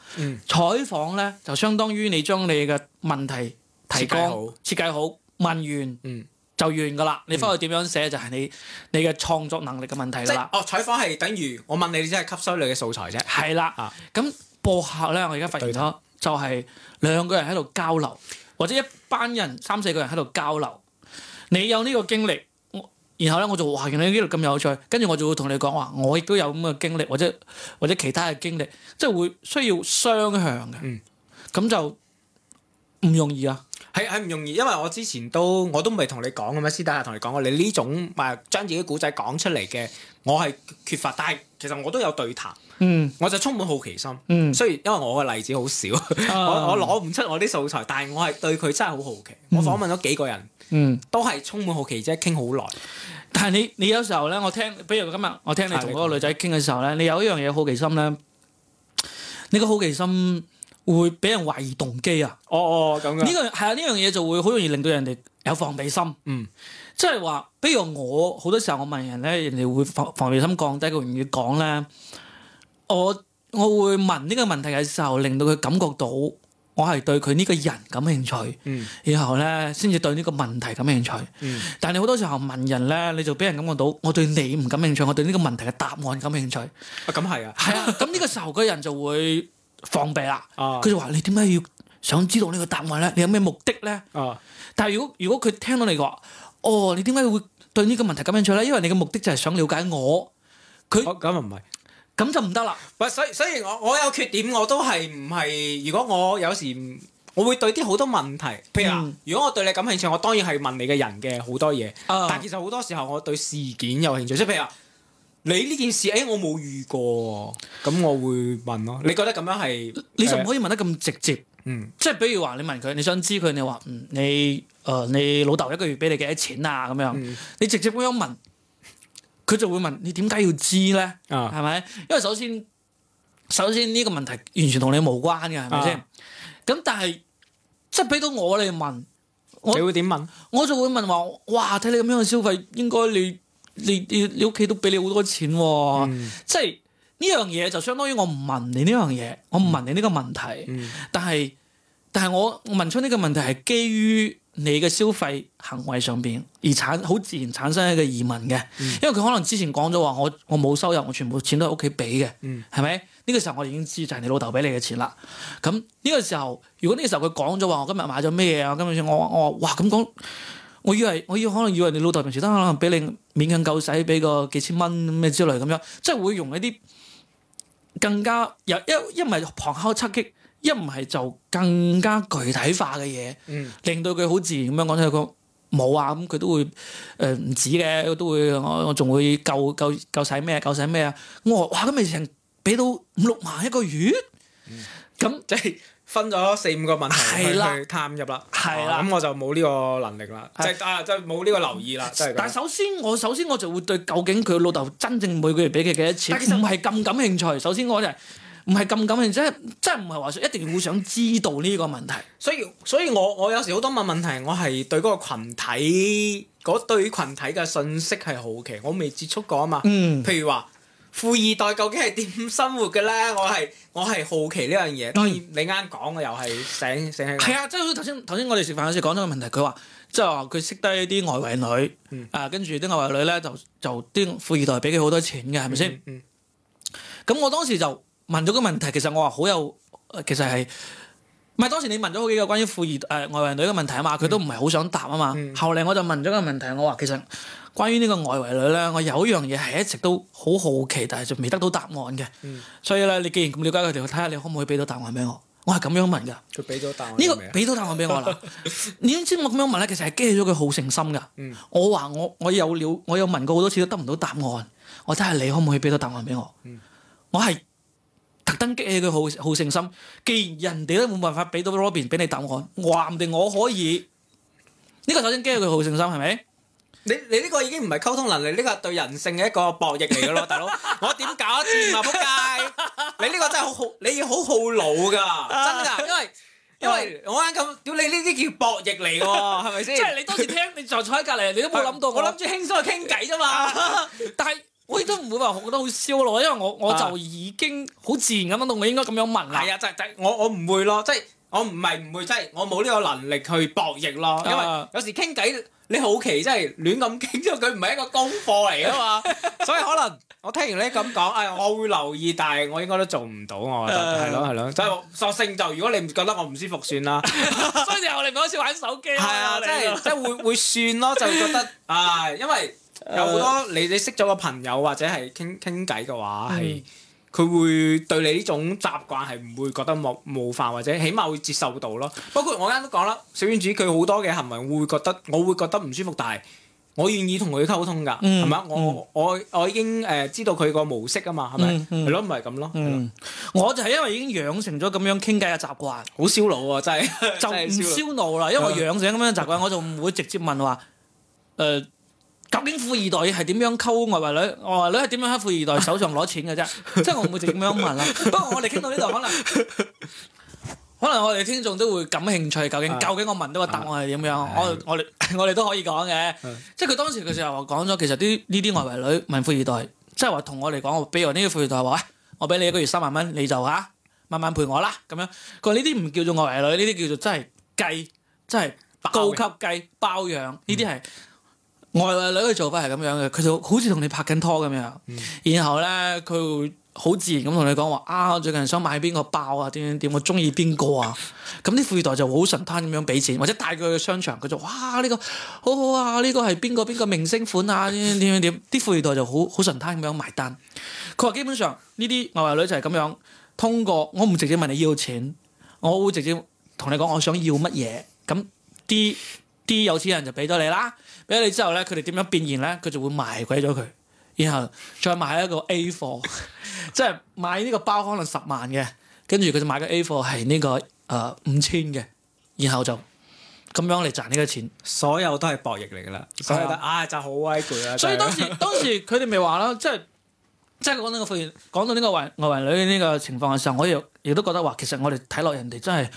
採訪咧就相當於你將你嘅問題提綱設計計好，好，好，問完。嗯夠完噶啦，你翻去點樣寫就係你你嘅創作能力嘅問題啦。哦，採訪係等於我問你，你真係吸收你嘅素材啫。係啦，啊咁播客咧，我而家發現咗，就係兩個人喺度交流，或者一班人三四個人喺度交流。你有呢個經歷，然後咧我就哇原來呢度咁有趣，跟住我就會同你講話，我亦都有咁嘅經歷，或者或者其他嘅經歷，即係會需要雙向嘅。嗯，咁就唔容易啊。係係唔容易，因為我之前都我都未同你講噶嘛，私底下同你講過你呢種啊將自己古仔講出嚟嘅，我係缺乏。但係其實我都有對談，嗯，我就充滿好奇心，嗯，雖然因為我嘅例子好少，嗯、 我攞唔出我啲素材，但係我係對佢真係好好奇。嗯、我訪問咗幾個人，嗯，都係充滿好奇啫，傾好耐。但係你你有時候咧，我聽，比如今日我聽你同嗰個女仔傾嘅時候咧，你有一樣嘢好奇心咧，你個好奇心，會俾人懷疑動機啊！哦哦，咁樣呢個係啊，呢樣嘢，就會好容易令到人哋有防備心。嗯，即係話，比如我好多時候我問人咧，人哋會防防備心降低，佢容易講咧。我我會問呢個問題嘅時候，令到佢感覺到我係對佢呢個人感興趣。嗯，然後咧，先至對呢個問題感興趣。嗯，但係你好多時候問人咧，你就俾人感覺到我對你唔感興趣，我對呢個問題嘅答案感興趣。啊，咁係啊，係啊， 咁呢個時候嘅人就會防備啦，佢、哦、就話：你點解要想知道呢個答案咧？你有咩目的咧？哦、但係如果如果佢聽到你話，哦，你點解會對呢個問題感興趣咧？因為你嘅目的就係想了解我。佢咁又唔係，咁、哦、就唔得啦。唔係、哦，所以所以我我有缺點，我都係唔係。如果我有時，我會對啲好多問題，譬如話，嗯、如果我對你感興趣，我當然係問你嘅人嘅好多嘢。哦、但其實好多時候，我對事件有興趣，即係譬如話。你呢件事，誒、哎、我冇遇過，咁我會問咯。你覺得咁樣係，你就唔可以問得咁直接。嗯，即係比如話你問佢，你想知佢，你話，嗯，你誒、呃、你老豆一個月俾你幾多錢啊？咁樣，嗯、你直接咁樣問，佢就會問你點解要知咧？啊、嗯，係咪？因為首先，首先呢個問題完全同你冇關嘅，係咪先？咁但係，即係俾到我嚟問，我，你會點問？我就會問話，哇！睇你咁樣嘅消費，應該你。你你你屋企都俾你好多錢喎、哦，嗯、即係呢樣嘢就相當於我唔問你呢樣嘢，嗯、我唔問你呢個問題，嗯、但係但係我問出呢個問題係基於你嘅消費行為上邊而產好自然產生一個疑問嘅，嗯、因為佢可能之前講咗話我我冇收入，我全部錢都係屋企俾嘅，係咪、嗯？呢、呢個時候我已經知就係你老豆俾你嘅錢啦。咁呢個時候如果呢個時候佢講咗話我今日買咗咩嘢啊？我今日我我，我哇咁講。我以為我以為可能以為你老豆平時都可能俾你勉強夠使，俾個幾千蚊咩之類咁樣，即係會用一啲更加又一一唔係旁敲側擊，一唔係就更加具體化嘅嘢，嗯、令到佢好自然咁樣講出嚟講冇啊！咁佢都會誒唔、呃、止嘅，都會我我仲會夠夠夠使咩？夠使咩啊？我話哇咁咪成俾到五六萬一個月，咁即係。分咗四五個問題去探入啦，係啦，咁、啊、我就冇呢個能力啦，即係啊，即係冇呢個留意啦，即係、那個。但係首先我首先我就會對究竟佢老豆真正每個月俾佢幾多錢，唔係咁感興趣。首先我就係唔係咁感興趣，即係真係唔係話說一定會想知道呢個問題。所以所以我我有時好多問問題，我係對嗰個群體嗰對群體嘅信息係好奇，我未接觸過啊嘛。嗯。譬如話。富二代究竟係點生活嘅咧？我係我係好奇呢樣嘢。當然對你啱講嘅又係醒醒起。係啊，即係好似頭先頭先我哋食飯嗰時講咗個問題，佢話即係話佢識得啲外圍女，誒、嗯啊、跟住啲外圍女咧就就啲富二代俾佢好多錢嘅，係咪先？咁、嗯嗯、我當時就問咗個問題，其實我話好有，其實係。唔係當時你問咗好幾個關於富二代外圍女嘅問題啊嘛，佢都唔係好想答啊嘛。嗯、後嚟我就問咗個問題，我話其實關於呢個外圍女咧，我有一樣嘢係一直都好好奇，但係就未得到答案嘅。嗯、所以咧，你既然咁了解佢哋，我睇下你可唔可以俾到答案俾我？我係咁樣問噶，佢俾咗答案，呢、這個俾咗答案俾我啦。 你知我咁樣問咧，其實係激起咗佢好勝心噶、嗯。我話我我有料，我有問過好多次都得唔到答案，我睇下你可唔可以俾到答案俾我？嗯、我係。特登激起佢好好勝心，既然人哋都冇辦法俾到 Robin 俾你答案，話唔定我可以呢個首先激起佢好勝心，係咪？你你呢個已經唔係溝通能力，呢個係對人性嘅一個博弈嚟嘅咯， 大佬。我點搞得掂啊？黐線撲街！你呢個 真係好好，你要好好腦㗎。真㗎，因為因為我啱啱，屌你呢啲叫博弈嚟喎，係咪先？即係 你當時聽，你就坐喺隔籬，你都冇諗到我， 我諗住輕鬆去傾偈啫嘛。 但係。我亦都唔會話，好覺得好笑咯，因為我我就已經好自然咁樣到我應該咁樣問啦。係啊，就就是、我我唔會咯，即係我唔係唔會，即係我冇呢個能力去博弈咯。啊、因為有時傾偈你好奇，即係亂咁傾咗佢，唔係一個功課嚟㗎嘛。 所以可能我聽完你咁講，誒、哎，我會留意，但係我應該都做唔到，我覺得係咯係咯。即係、啊啊啊啊啊、索性就，如果你唔覺得我唔舒服，算啦。所以又嚟唔開事玩手機。係啊，即係即係會會算咯，就覺得係、啊、因為。有好多你你識咗個朋友或者係傾傾偈嘅話係，佢會對你呢種習慣係唔會覺得冒冒犯，或者起碼會接受到咯。包括我啱都講啦，小丸子佢好多嘅行為，我會覺得我會覺得唔舒服，但係我願意同佢溝通㗎，係咪啊？我我我已經誒知道佢個模式啊嘛，係咪？係咯，唔係咁咯。我就係因為已經養成咗咁樣傾偈嘅習慣，好燒腦啊，真係就唔燒腦啦，因為養成咁樣習慣，我就唔會直接問話誒。究竟富二代係點樣溝外圍女？外圍女係點樣喺富二代手上攞錢嘅啫？啊、即係我唔會咁樣問啦、啊。 不過我哋傾到呢度，可能可能我哋聽眾都會感興趣。究竟究竟我問到個答案係點樣？啊、我我哋我哋 都可以講嘅。啊、即係佢當時佢就話講咗，其實啲呢啲外圍女問富二代，即係話同我哋講，比如呢啲富二代話喂，我俾你一個月三萬蚊，你就啊慢慢陪我啦咁樣。佢話呢啲唔叫做外圍女，呢啲叫做真係雞，真係高級雞包養，呢啲係。外外女嘅做法係咁樣嘅，佢就好似同你拍緊拖咁樣，嗯、然後咧佢會好自然咁同你講話啊，我最近想買邊個包啊，點點點，我中意邊個啊，咁啲 富二代就好神探咁樣俾錢，或者帶佢去商場，佢就哇呢、呢個好好啊，呢、呢個係邊個邊個明星款啊，點點點點，啲富二代就好好神探咁樣埋單。佢話基本上呢啲外外女就係咁樣，通過我唔直接問你要錢，我會直接同你講我想要乜嘢，咁啲。啲有錢人就俾咗你啦，俾咗你之後咧，佢哋點樣變現咧？佢就會賣鬼咗佢，然後再買一個 A 貨， 即係買呢個包，包可能十萬嘅，跟住佢就買個 A 貨係呢、呢個誒、呃、五千嘅，然後就咁樣嚟賺呢個錢所。所有都係博弈嚟噶啦，所以唉就好鬼攰啦。啊、所以當時 當時佢哋咪話咯，即係即係講到呢個，講到呢個外外圍女呢個情況嘅時候，我亦亦都覺得話，其實我哋睇落人哋真係。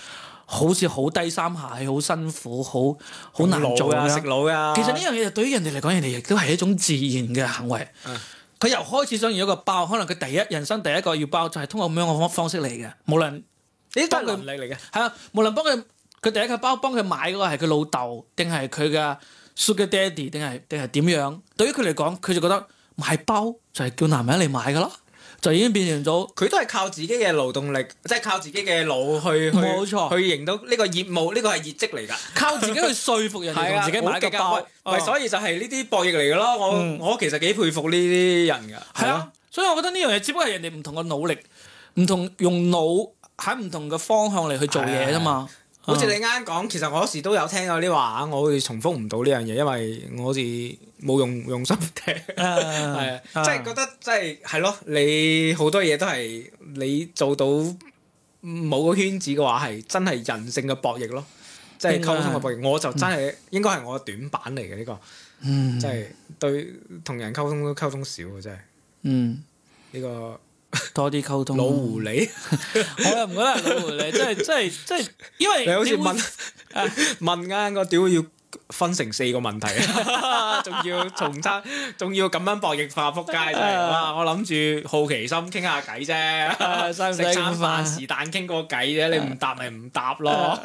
好似好低三下，好辛苦，好好難做啊！食腦噶。其實呢樣嘢對於人哋嚟講，人哋亦都係一種自然嘅行為。佢、嗯、由開始想要一個包，可能佢第一人生第一個要包就係、是、通過咁樣嘅方方式嚟嘅，無論。呢啲都係能力嚟嘅。係啊，無論幫佢佢第一個包幫佢買嗰個係佢老豆定係佢嘅 sugar daddy 定係定係點樣？對於佢嚟講，佢就覺得買包就係叫男人嚟買㗎咯。就已經變成咗，佢都係靠自己嘅勞動力，即係靠自己嘅腦去去，冇錯，沒錯 去營到呢個業務，呢、這個係業績嚟噶。靠自己去說服人，哋，自己買嘅包， 係，嗯、所以就係呢啲博弈嚟噶咯。我我其實幾佩服呢啲人噶。係啊、嗯，所以我覺得呢樣嘢只不過係人哋唔同嘅努力，唔同用腦喺唔同嘅方向嚟去做嘢啫嘛。好似你啱啱講，其實我時都有聽過啲話，我好似重複唔到呢樣嘢，因為我好似冇用用心聽，係、uh, uh, 即係覺得即係係咯，你好多嘢都係你做到冇個圈子嘅話，係真係人性嘅博弈咯，即係溝通嘅博弈。我就真係、嗯、應該係我嘅短板嚟嘅呢個，即係、嗯、對同人溝通都溝通少嘅真係，嗯，呢、呢個。多啲溝通老狐狸，我又唔覺得係老狐狸，真係真係即係，因為你好似問問啱個屌要分成四個問題，仲要重餐，仲要咁樣博弈化撲街就係哇！我諗住好奇心傾下偈啫，使唔使餐飯是但傾個偈啫，你唔答咪唔答咯，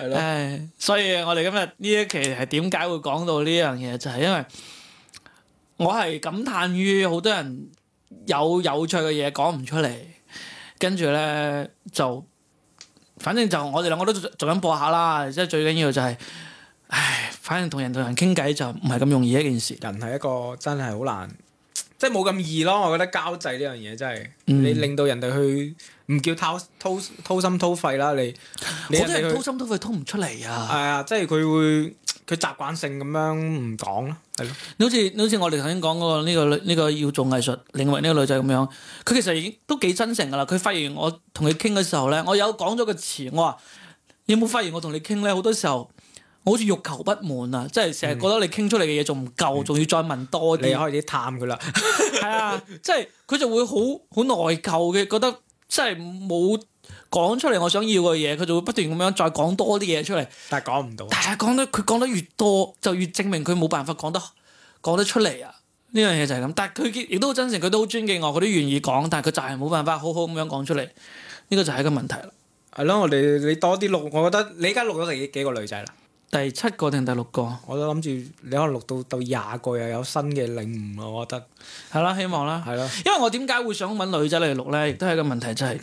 係咯。所以我哋今日呢一期係點解會講到呢樣嘢，就係因為我係感嘆於好多人。有有趣嘅嘢講唔出嚟，跟住咧就，反正就我哋兩個都做緊播下啦。即係最緊要就係，唉，反正同人同人傾偈就唔係咁容易一件事。人係一個真係好難，即係冇咁易咯。我覺得交際呢樣嘢真係，嗯、你令到人哋去唔叫掏掏掏心掏肺啦。你，你我真係掏心掏肺掏唔出嚟啊。係啊，即係佢會。佢習慣性咁樣唔講咯，係咯？你好似你好似我哋頭先講嗰個呢個女呢、呢個要做藝術領域呢個女仔咁樣，佢其實已經都幾真誠噶啦。佢發現我同佢傾嘅時候咧，我有講咗個詞，我話：你有冇發現我同你傾咧好多時候，我好似欲求不滿啊！即係成日覺得你傾出嚟嘅嘢仲唔夠，仲、嗯、要再問多啲。你可以啲探佢啦，係啊！即係佢就會好好內疚嘅，覺得即係冇。講出嚟我想要嘅嘢，佢就會不斷咁樣再講多啲嘢出嚟。但係講唔到。但係講得佢講得越多，就越證明佢冇辦法講得講得出嚟啊！呢樣嘢就係咁。但係佢亦都好真誠，佢都好尊敬我，佢都願意講，但係佢就係冇辦法好好咁樣講出嚟。呢個就係一個問題啦。係咯、嗯，我哋你多啲錄，我覺得你而家錄咗幾幾個女仔啦？第七個定第六個？我都諗住你可能錄到到廿個又有新嘅領悟。我覺得係啦，希望啦，係啦。因為我點解會想揾女仔嚟錄咧？亦都係一個問題，就係。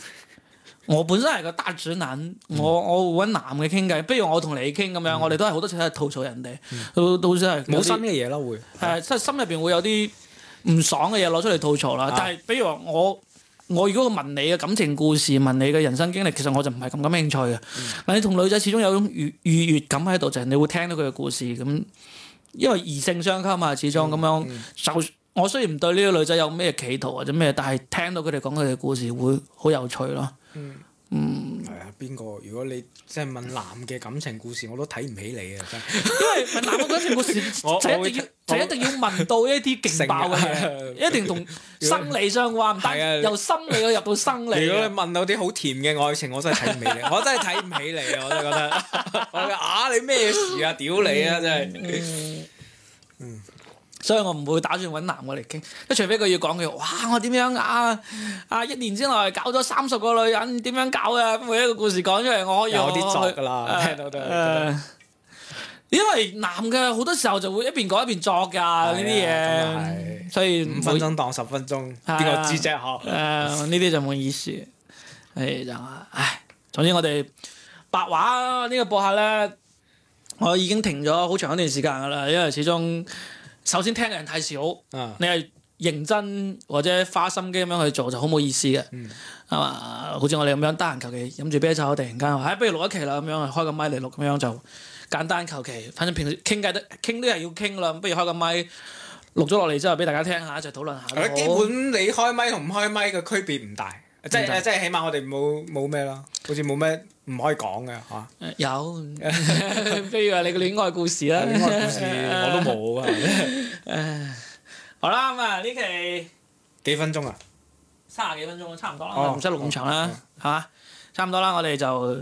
我本身係個單純、嗯、人，我我搵男嘅傾偈，不如我同你傾咁樣，我哋都係好多次喺度吐槽人哋，到到真係冇新嘅嘢咯，會係即係心入邊會有啲唔爽嘅嘢攞出嚟吐槽啦。但係比如話我我如果問你嘅感情故事、問你嘅人生經歷，其實我就唔係咁感興趣嘅。嗯、但你同女仔始終有種愉愉悅感喺度，就係、是、你會聽到佢嘅故事咁，因為異性相吸啊嘛，始終咁樣。嗯嗯、就我雖然唔對呢個女仔有咩企圖或者咩，但係聽到佢哋講佢哋嘅故事會好有趣咯。嗯嗯，係啊，邊個？如果你即係問男嘅感情故事，我都睇唔起你啊！真係， 因為問男嘅感情故事， 我我我一定要問會到一啲勁爆嘅， 啊、一定同生理相關， 果由心理去入到生理。 如果你問到啲好甜嘅愛情，我真係睇唔起你， 我真係睇唔起你，啊。我都覺得我話啊，你咩事啊？屌你啊！真係。 嗯。所以我唔會打算揾男嘅嚟傾，即除非佢要講佢，哇！我點樣啊啊！一年之內搞咗三十個女人，點樣搞嘅、啊？每一個故事講出嚟，有我有啲作噶啦，啊、聽到都、啊，因為男嘅好多時候就會一邊講一邊作噶呢啲嘢，所以五分鐘當十分鐘，邊個、啊、知啫？嗬、啊，誒、啊，呢啲 就冇意思，係就唉。總之我哋白話呢個播客咧，我已經停咗好長一段時間噶啦，因為始終。首先聽嘅人太少，嗯、你係認真或者花心機咁樣去做就好冇意思嘅，嗯、啊，好似我哋咁樣得閒求其飲住啤酒，突然間話，哎，不如錄一期啦咁樣，開個麥嚟錄咁樣就簡單求其，反正平時傾偈得傾都係要傾啦，不如開個麥錄咗落嚟之後俾大家聽下，一齊討論下。基本你開麥同唔開麥嘅區別唔大。即係白即係，起碼我哋冇冇咩啦，好似冇咩唔可以講嘅嚇。有，譬 如話你個戀愛故事啦， 戀愛故事、呃、我都冇㗎、呃 好啦咁啊，呢期幾分鐘啊？三十幾分鐘差唔多啦，唔使錄咁長啦，係嘛？差唔多啦，我哋就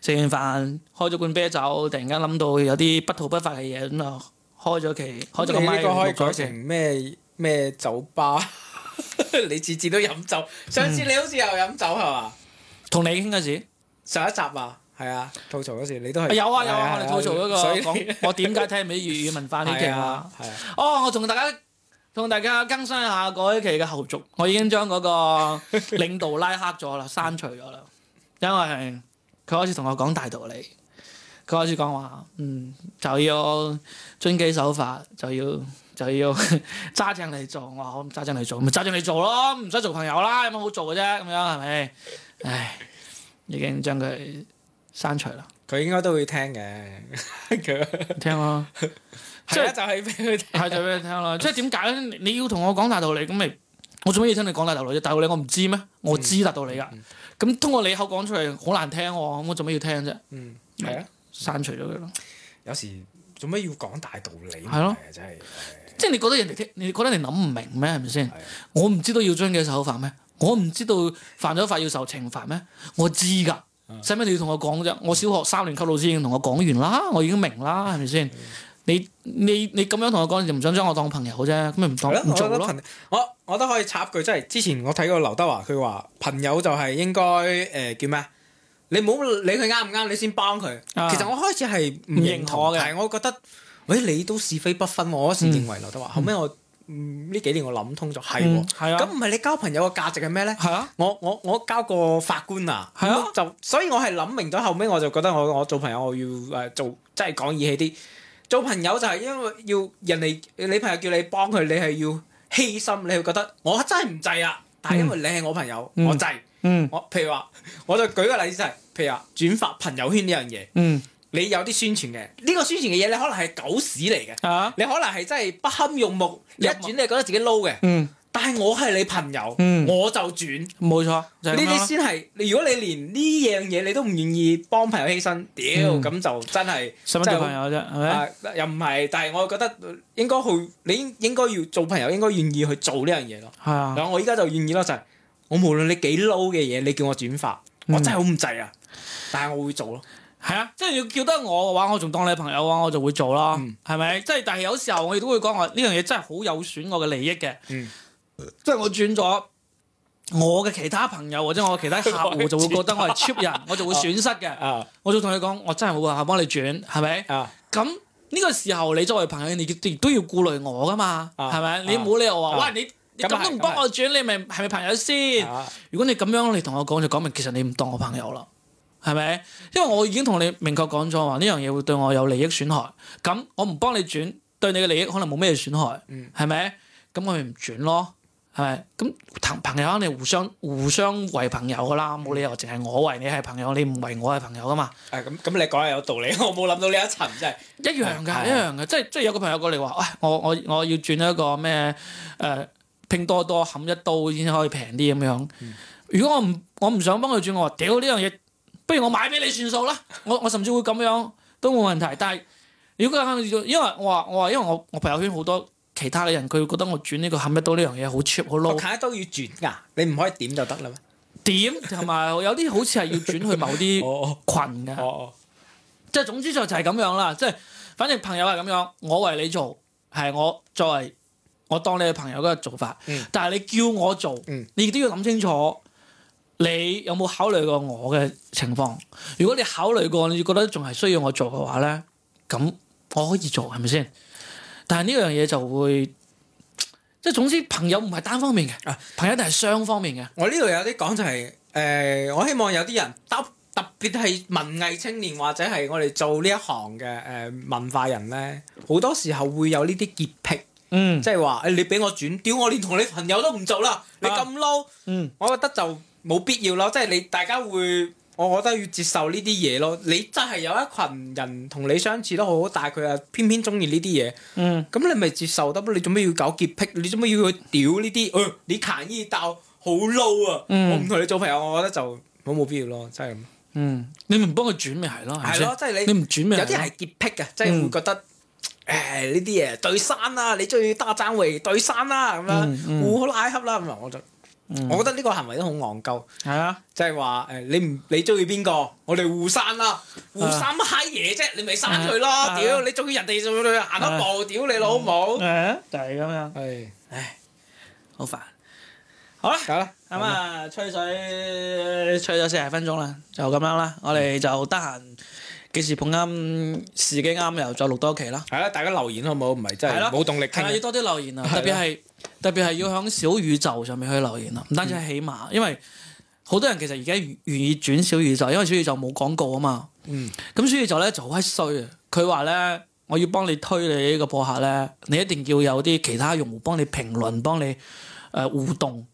食完飯，開咗罐啤酒，突然間諗到有啲不吐不快嘅嘢，咁就開咗期。開咗個麥，你呢個可以改成咩咩酒吧？ 你次次都飲酒，上次你好似又飲酒係嘛？同、嗯、你傾嗰時，上一集啊，係啊，吐槽嗰時你都係有啊有啊,有啊啊我哋吐槽嗰個講以我點解睇唔起粵語文化呢期啊，係啊，啊哦，我同大家同大家更新一下嗰一期嘅後續，我已經將嗰個領導拉黑咗啦，刪 除咗啦，因為佢開始同我講大道理，佢開始講話，嗯，就要遵紀守法，就要。就要揸正嚟做，我話好揸正嚟做，咪揸正嚟做咯，唔使做朋友啦，有乜好做嘅啫，咁樣係咪？唉，已經將佢刪除啦。佢應該都會聽嘅，聽咯。係啊，就係俾佢聽，係就俾佢聽咯。即係點解你要同我講大道理？咁咪我做咩要聽你講大道理啫？大道理我唔知咩，我知大道理噶。咁通過你口講出嚟好難聽喎，咁我做咩要聽啫？嗯，係啊，刪除咗佢咯。有時。做咩要講大道理？係咯、啊，真係的。即係你覺得人哋聽，你覺得你諗唔明咩？係咪先？的我唔知道要遵紀守法咩？我唔知道犯咗法要受懲罰咩？我知㗎，使乜、嗯、你要同我講啫？我小學三年級老師已經同我講完啦，我已經明啦，係咪先？你你你咁樣同我講，你就唔想將我當朋友好啫？咁咪唔當唔的做咯。我我覺得可以插句，即係之前我睇過劉德華，佢話朋友就係應該誒、呃、叫咩你唔好理佢啱唔啱，你先幫佢。其實我開始係唔認同嘅，係我覺得，誒你都是非不分，我先認為劉德華。後尾我呢幾年我諗通咗，係喎，係啊。咁唔係你交朋友嘅價值係咩咧？係啊。我我我交個法官啊，就所以我係諗明咗後尾我就覺得我我做朋友我要誒做，即係講義氣啲。做朋友就係因為要人哋你朋友叫你幫佢，你係要犧牲，你會覺得我真係唔制啊。但係因為你係我朋友，我制。嗯，我譬如話，我就舉個例子就係，譬如話轉發朋友圈呢樣嘢，嗯，你有啲宣傳嘅，呢個宣傳嘅嘢你可能係狗屎嚟嘅，啊，你可能係真係不堪用目，一轉你覺得自己撈嘅，嗯，但係我係你朋友，嗯，我就轉，冇錯，呢啲先係，如果你連呢樣嘢你都唔願意幫朋友犧牲，屌，咁就真係，使乜做朋友啫，係咪？又唔係，但係我覺得應該去，你應該要做朋友應該願意去做呢樣嘢咯，係啊，我依家就願意咯就係。我無論你幾 low 嘅嘢，你叫我轉發，我真係好唔制啊！但係我會做咯，係啊，即係要叫得我嘅話，我仲當你朋友嘅話，我就會做咯，係咪？即係但係有時候我亦都會講話，呢樣嘢真係好有損我嘅利益嘅，即係我轉咗我嘅其他朋友或者我其他客戶就會覺得我係 cheap 人，我就會損失嘅。我就同你講，我真係冇辦法幫你轉，係咪？咁呢個時候你作為朋友，你亦都要顧慮我噶嘛，係咪？你冇理由話喂你，你咁都唔幫我轉，你咪係咪朋友先？啊、如果你咁樣你同我講，就講明其實你唔當我朋友啦，係咪？因為我已經同你明確講咗話，呢樣嘢會對我有利益損害。咁我唔幫你轉，對你嘅利益可能冇咩損害，係咪、嗯？咁我咪唔轉咯，係咪？咁朋朋友肯定互相互相為朋友噶啦，冇理由淨係我為你係朋友，你唔為我係朋友噶嘛？誒、嗯，咁咁你講係有道理，我冇諗到呢一層，真係一樣嘅，嗯、一樣嘅，嗯、即係即係有個朋友過嚟話，喂，我我我要轉一個咩誒？呃嗯拼多多冚一刀先可以平啲咁樣。嗯、如果我唔我唔想幫佢轉，我話屌呢樣嘢，不如我買俾你算數啦。我我甚至會咁樣都冇問題。但係如果佢因為我話我話，因為我我，因為我，我，因為我朋友圈好多其他嘅人，佢會覺得我轉呢個冚一刀呢樣嘢好 cheap 好 low。冚一刀要轉噶，你唔可以點就得啦咩？點同埋有啲好似係要轉去某啲群噶。 哦哦哦、即係總之就就係咁樣啦。即係反正朋友係咁樣，我為你做係我作為。我當你嘅朋友嗰個做法，嗯、但係你叫我做，嗯、你亦都要諗清楚，你有冇考慮過我嘅情況？如果你考慮過，你覺得仲係需要我做嘅話呢，咁我可以做係咪先？但係呢樣嘢就會即係總之朋友唔係單方面嘅啊，嗯、朋友係雙方面嘅。我呢度有啲講就係、是、誒、呃，我希望有啲人特特別係文藝青年或者係我哋做呢一行嘅誒、呃、文化人呢，好多時候會有呢啲潔癖。嗯，即係話，你俾我轉，屌我連同你朋友都唔做啦！你咁 low，嗯，我覺得就冇必要咯。即係你大家會，我覺得要接受呢啲嘢咯。你真係有一群人同你相似都好，但係佢啊偏偏中意呢啲嘢，嗯，咁你咪接受得？你做咩要搞潔癖？你做咩要去屌呢啲？哦，你呢醫鬥好 low 啊！我唔同你做朋友，我覺得就好冇必要咯，即係咁。嗯，你唔幫佢轉咪係咯，係咯，即係你。你唔轉咪有啲係潔癖嘅，即係會覺得。誒，呢啲嘢對山啦，你中意打爭位對山啦，咁樣互拉黑啦，咁啊我就，我覺得呢個行為都好戇鳩。係啊，即係話誒，你唔你中意邊個，我哋互刪啦，互刪閪嘢啫，你咪刪佢咯，屌你中意人哋就行一步，屌你老母，就係咁樣。係，唉，好煩。好啦，搞啦，咁啊吹水吹咗四十分鐘啦，就咁樣啦，我哋就得閒。幾時碰啱時機啱又再錄多期啦？係啦，大家留言好唔好？唔係真係冇動力傾。係要多啲留言啊了！特別係特別係要響小宇宙上面去留言啦，唔單止起碼，嗯、因為好多人其實而家願意轉小宇宙，因為小宇宙冇廣告啊嘛。嗯。咁小宇宙咧就好閪衰嘅，佢話咧我要幫你推你個呢個播客咧，你一定要有啲其他用戶幫你評論、幫你誒、呃、互動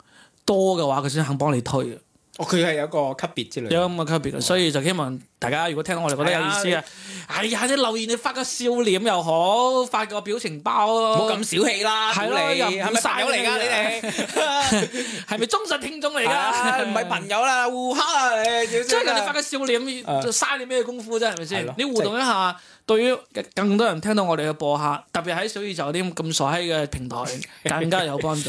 多嘅話，佢先肯幫你推。哦，佢係有個級別之類，有咁嘅級別，所以就希望大家如果聽到我哋覺得有意思嘅，哎呀，你留言你發個笑臉又好，發個表情包咯，唔好咁小氣啦，係咯，又唔曬我嚟㗎，你哋係咪忠實聽眾嚟㗎？唔係朋友啦，互黑啊，即係你發個笑臉，就嘥你咩功夫啫，係咪先？你互動一下，對於更多人聽到我哋嘅播客，特別喺小宇宙呢啲咁傻閪嘅平台，更加有幫助。